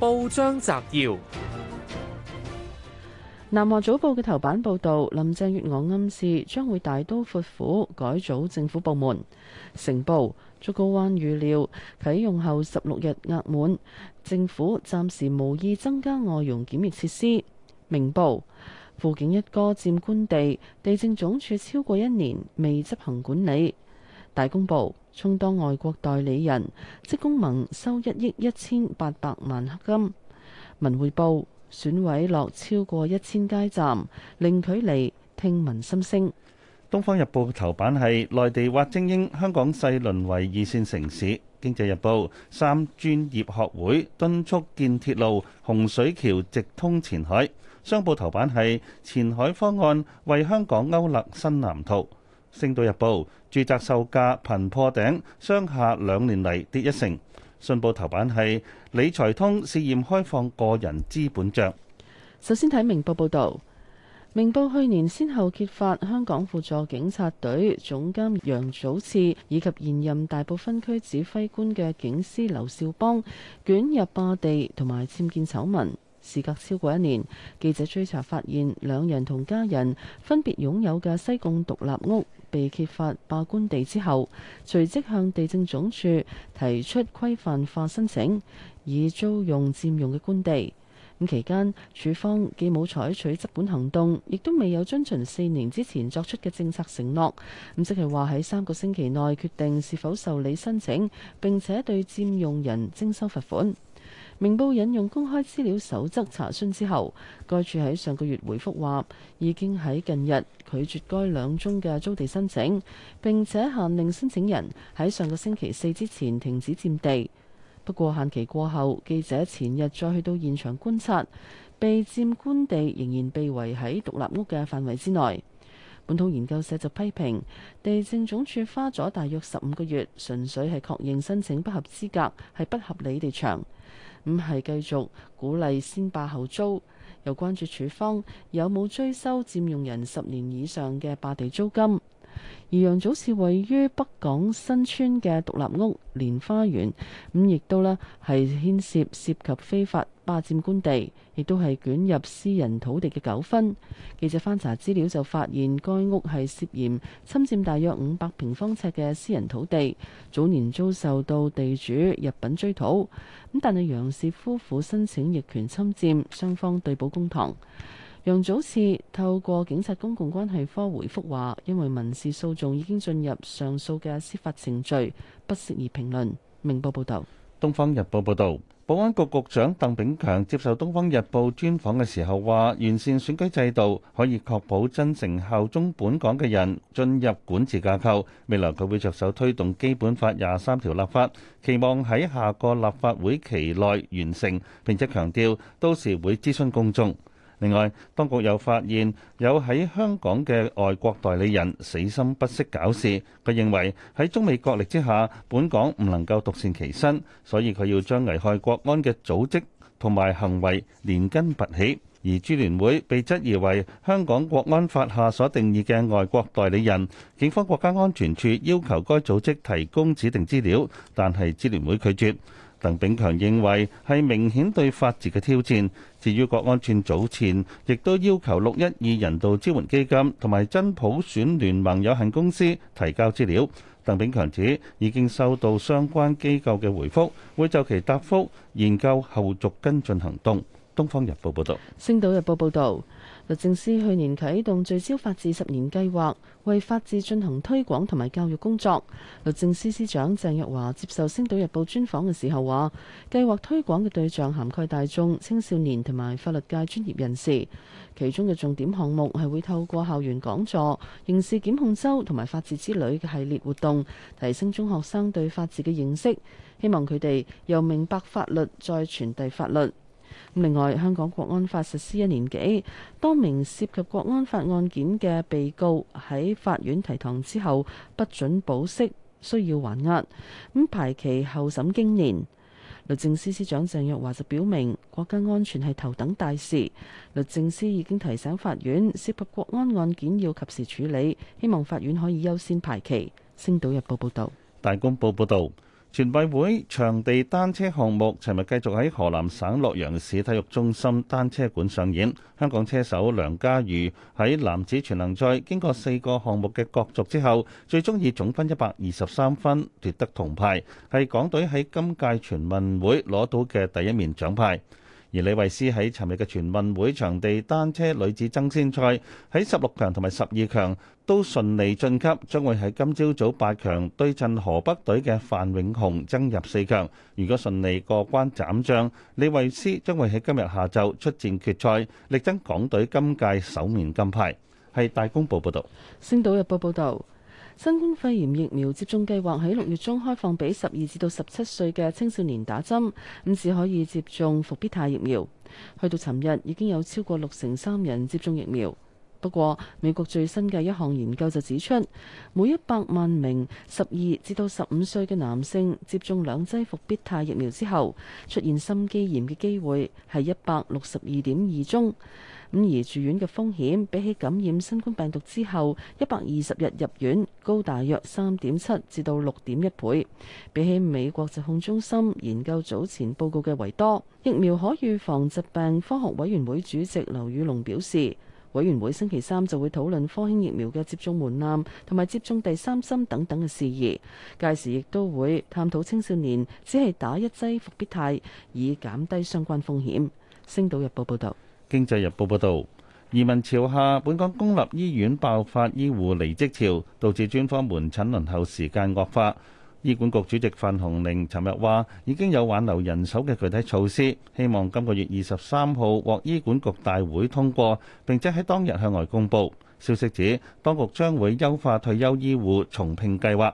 報章摘要：南華早報嘅頭版報道，林鄭月娥暗示將會大刀闊斧改組政府部門。成報竹篙灣預料啟用後十六日壓滿，政府暫時無意增加外傭檢疫設施。明報輔警一哥佔官地，地政總署超過一年未執行管理。大公報充當外國代理人，職工盟收一億一千八百萬黑金。文匯報選委落超過一千街站，令佢哋聽民心聲。《東方日報》頭版係內地挖精英，香港勢淪為二線城市。《經濟日報》三專業學會敦促建鐵路，洪水橋直通前海。商報頭版係前海方案為香港勾勒新藍圖。《星島日報》住宅售價頻破頂，商下兩年嚟跌一成。信報頭版係理財通試驗開放個人資本帳。首先睇明報報道，明報去年先後揭發香港輔助警察隊總監楊祖次以及現任大埔分區指揮官嘅警司劉少邦捲入霸地同埋僭建醜聞。時隔超過一年，記者追查發現，兩人同家人分別擁有嘅西貢獨立屋被揭發霸官地之後，隨即向地政總署提出規範化申請，以租用佔用嘅官地。咁期間，署方既冇採取執管行動，亦都未有遵循四年之前作出嘅政策承諾。咁即係話喺三個星期內決定是否受理申請，並且對佔用人徵收罰款。明報引用公開資料守則查詢之後，該處喺上個月回覆話，已經喺近日拒絕該兩宗嘅租地申請，並且限令申請人喺上個星期四之前停止佔地。不過限期過後，記者前日再去到現場觀察，被佔官地仍然被圍喺獨立屋嘅範圍之內。本土研究社就批評地政總署花咗大約十五個月，純粹係確認申請不合資格，係不合理地長。唔係繼續鼓勵先霸後租，又關注署方有冇追收佔用人十年以上嘅霸地租金。而楊祖是位於北港新村嘅獨立屋連花園，咁亦都啦係牽涉涉及非法霸佔官地，亦都係捲入私人土地嘅糾紛。記者翻查資料就發現，該屋係涉嫌侵佔大約五百平方尺嘅私人土地，早年遭受到地主入稟追討，咁但係楊氏夫婦申請逆權侵佔，雙方對簿公堂。楊祖師透過警察公共關係科回覆話，因為民事訴訟已經進入上訴嘅司法程序，不適宜評論。明報報導。《東方日報》報導，保安局局長鄧炳強接受《東方日報》專訪嘅時候話，完善選舉制度可以確保真誠效忠本港嘅人進入管治架構。未來佢會着手推動《基本法》廿三條立法，期望喺下個立法會期內完成。並且強調，到時會諮詢公眾。另外，當局又發現有喺香港嘅外國代理人死心不息搞事。佢認為喺中美角力之下，本港唔能夠獨善其身，所以佢要將危害國安嘅組織同埋行為連根拔起。而支聯會被質疑為香港國安法下所定義嘅外國代理人，警方國家安全處要求該組織提供指定資料，但係支聯會拒絕。鄧炳強認為係明顯對法治嘅挑戰。至於國安處早前亦都要求六一二人道支援基金同埋真普選聯盟有限公司提交資料，鄧炳強指已經收到相關機構嘅回覆，會就其答覆研究後續跟進行動。《東方日報》報導，《星島日報》報導，律政司去年啟動聚焦法治十年計劃，為法治進行推廣同埋教育工作。律政司司長鄭若驊接受《星島日報》專訪嘅時候話：計劃推廣嘅對象涵蓋大眾、青少年同埋法律界專業人士。其中嘅重點項目係會透過校園講座、刑事檢控周同埋法治之旅嘅系列活動，提升中學生對法治嘅認識。希望佢哋又明白法律，再傳遞法律。另外，香港國安法實施一年幾，多名涉及國安法案件嘅被告喺法院提堂之後，不准保釋，需要還押，咁排期候審經年。律政司司長鄭若驊就表明，國家安全係頭等大事，律政司已經提醒法院涉及國安案件要及時處理，希望法院可以優先排期。星島日報報道。大公報報導。全運會場地單車項目，尋日繼續喺河南省洛陽市體育中心單車館上演。香港車手梁家瑜喺男子全能賽經過四個項目嘅角逐之後，最終以總分一百二十三分奪得銅牌，係港隊喺今屆全運會攞到嘅第一面獎牌。而李慧詩喺尋日嘅全運會場地單車女子爭先賽喺十六強同埋十二強都順利晉級，將會喺今朝早八強對陣河北隊嘅范永紅，爭入四強。如果順利過關斬將，李慧詩將會喺今日下晝出戰決賽，力爭港隊今屆首面金牌。係大公報報道。《星島日報》報導。新冠肺炎疫苗接種計劃喺六月中開放俾十二至到十七歲嘅青少年打針，咁只可以接種復必泰疫苗。去到尋日已經有超過六成三人接種疫苗。不過美國最新嘅一項研究就指出，每一百萬名十二至到十五歲嘅男性接種兩劑復必泰疫苗之後，出現心肌炎嘅機會係一百六十二點二宗。咁而住院嘅風險，比起感染新冠病毒之後一百二十日入院高大約三點七至到六點一倍。比起美國疾控中心研究早前報告嘅為多。疫苗可預防疾病科學委員會主席劉宇龍表示，委員會星期三就會討論科興疫苗嘅接種門檻同埋接種第三針等等嘅事宜，屆時亦都會探討青少年只係打一劑復必泰以減低相關風險。星島日報報道。經濟日報報導，移民潮下，本港公立醫院爆發醫護離職潮，導致專科門診輪候時間惡化。醫管局主席范鴻齡尋日話，已經有挽留人手嘅具體措施，希望今個月二十三號獲醫管局大會通過，並且喺當日向外公佈。消息指，當局將會優化退休醫護重聘計劃。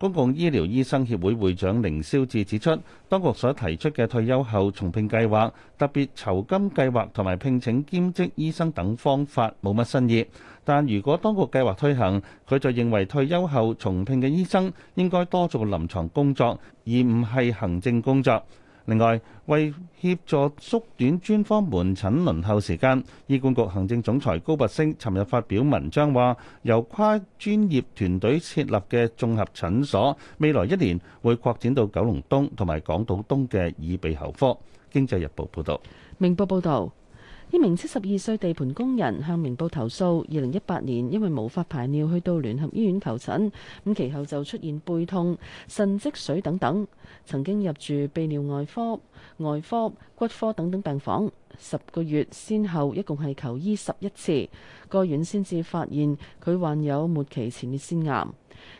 公共醫療醫生協會會長凌霄智指出，當局所提出嘅退休後重聘計劃，特別酬金計劃同埋聘請兼職醫生等方法冇乜新意。但如果當局計劃推行，佢就認為退休後重聘嘅醫生應該多做臨床工作，而唔係行政工作。另外，為協助縮短專科門診輪候時間，醫管局行政總裁高拔昇尋日發表文章話，由跨專業團隊設立嘅綜合診所，未來一年會擴展到九龍東同埋港島東嘅耳鼻喉科。經濟日報報道。明報報道。一名七十二歲地盤工人向明報投訴，二零一八年因為無法排尿去到聯合醫院求診，咁其後就出現背痛、腎積水等等，曾經入住泌尿外科、外科、骨科等等病房十個月，先後一共係求醫十一次，該院先至發現佢患有末期前列腺癌，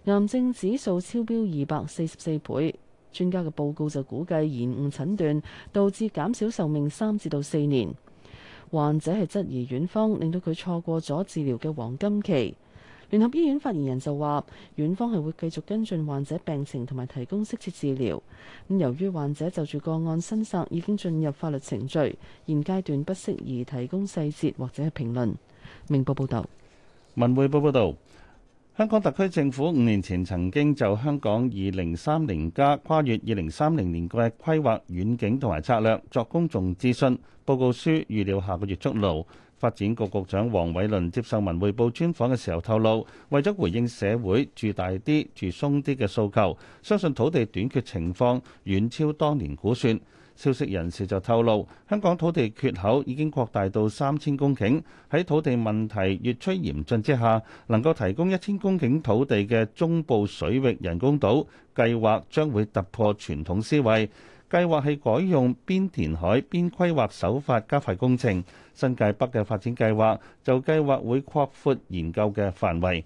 癌症指數超標二百四十四倍，專家嘅報告就估計延誤診斷導致減少壽命三至到四年。患者係質疑院方，令到佢錯過咗治療嘅黃金期。聯合醫院發言人就話：院方係會繼續跟進患者病情同埋提供適切治療。咁由於患者就住個案申索已經進入法律程序，現階段不適宜提供細節或者係評論。明報報道。文匯報報導。香港特區政府五年前曾經就香港二零三零加跨越二零三零年嘅規劃遠景同埋策略作公眾諮詢報告書，預料下個月出爐。發展局局長黃偉綸接受文匯報專訪嘅時候透露，為咗回應社會住大啲、住鬆啲嘅訴求，相信土地短缺情況遠超當年估算。消息人士就透露，香港土地缺口已經擴大到三千公頃，喺土地問題越趨嚴峻之下，能夠提供一千公頃土地嘅中部水域人工島計劃將會突破傳統思維，計劃係改用邊填海邊規劃手法加快工程，新界北嘅發展計劃就計劃會擴闊研究嘅範圍。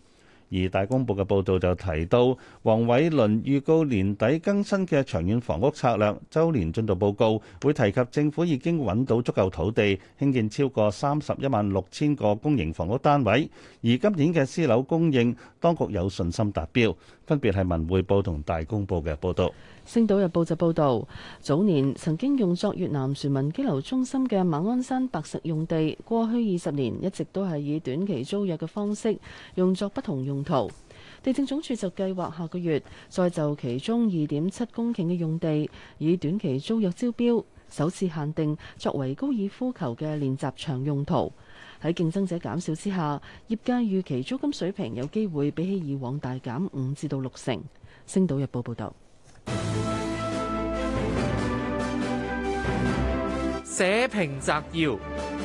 而大公報嘅報導就提到，黃偉綸預告年底更新嘅長遠房屋策略週年進度報告會提及政府已經揾到足夠土地興建超過三十一萬六千個公營房屋單位，而今年嘅私樓供應當局有信心達標。分別係文匯報同大公報嘅報導。星島日報就報導，早年曾經用作越南船民羈留中心嘅馬鞍山白石用地，過去二十年一直都係以短期租約嘅方式用作不同用。圖地政總署就計劃下個月再就其中二點七公頃嘅用地以短期租約招標，首次限定作為高爾夫球嘅練習場用途。喺競爭者減少之下，業界預期租金水平有機會比起以往大減五至到六成。星島日報報道。社評摘要。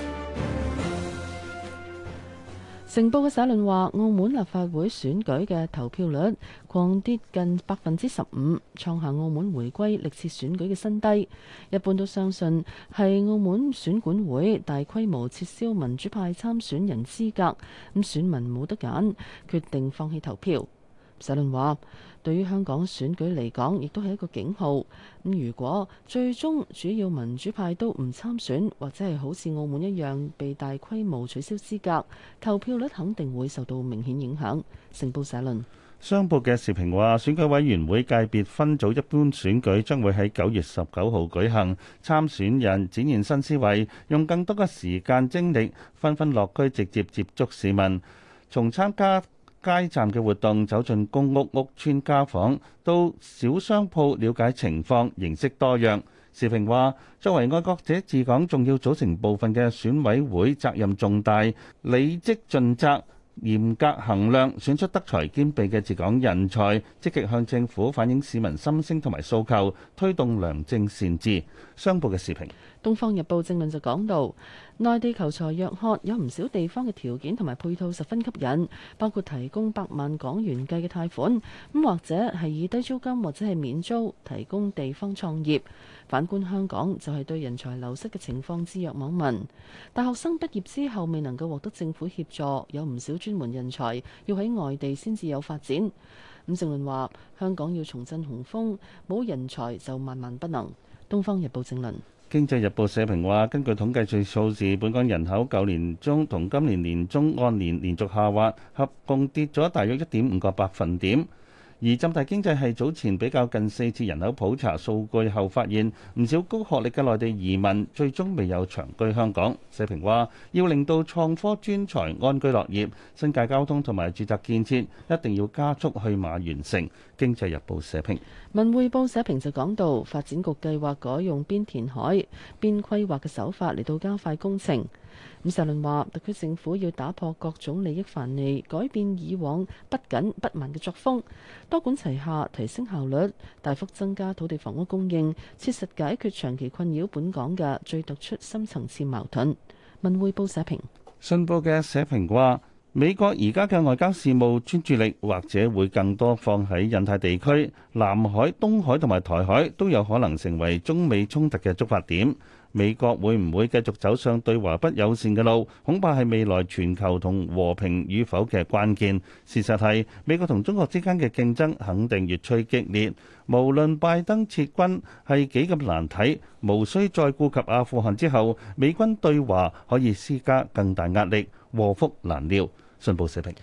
成報嘅社論話，澳門立法會選舉嘅投票率狂跌近百分之十五，創下澳門回歸歷次選舉嘅新低。一般都相信係澳門選管會大規模撤銷民主派參選人資格，咁選民冇得揀，決定放棄投票。社論話：對於香港選舉嚟講，亦都係一個警號。咁如果最終主要民主派都唔參選，或者係好似澳門一樣被大規模取消資格，投票率肯定會受到明顯影響。成報社論。商報嘅時評話：選舉委員會界別分組一般選舉將會喺九月十九號舉行，參選人展現新思維，用更多嘅時間精力，紛紛落區直接接觸市民，從參加。街站嘅活動，走進公屋、屋邨家訪，到小商鋪，了解情況，形式多樣。時評話：作為愛國者治港重要組成部分嘅選委會，責任重大，理職盡責，嚴格衡量，選出德才兼備嘅治港人才，積極向政府反映市民心聲同埋訴求，推動良政善治。商報嘅時評。《東方日報》正論就講到，內地求才若渴，有唔少地方嘅條件同埋配套十分吸引，包括提供百萬港元計嘅貸款，咁或者係以低租金或者係免租提供地方創業。反觀香港就係對人才流失嘅情況置若罔聞。大學生畢業之後未能夠獲得政府協助，有唔少專門人才要喺外地先至有發展。咁、嗯、正論話，香港要重振雄風，冇人才就萬萬不能。《東方日報》正論。經濟日報社評話，根據統計處數字，本港人口舊年中同今年年中按年連續下滑，合共跌咗大約一點五個百分點。而浸大經濟系早前比較近四次人口普查數據後，發現唔少高學歷嘅內地移民最終未有長居香港。社評話，要令到創科專才安居樂業，新界交通同埋住宅建設一定要加速去馬完成。經濟日報社評。文匯報社評就講到，發展局計劃改用邊填海邊規劃嘅手法嚟到加快工程。伍拾倫話，特區政府要打破各種利益藩籬，改變以往不緊不慢嘅作風，多管齊下提升效率，大幅增加土地房屋供應，切實解決長期困擾本港嘅最突出深層次矛盾。文匯報社評，信報嘅社評啩。美國而家嘅外交事務專注力或者會更多放喺印太地區、南海、東海同埋台海，都有可能成為中美衝突嘅觸發點。美國會唔會繼續走上對華不友善嘅路，恐怕係未來全球同和，和平與否嘅關鍵。事實係美國同中國之間嘅競爭肯定越趨激烈，無論拜登撤軍係幾咁難睇，無需再顧及阿富汗之後，美軍對華可以施加更大壓力，禍福難料。信報社評。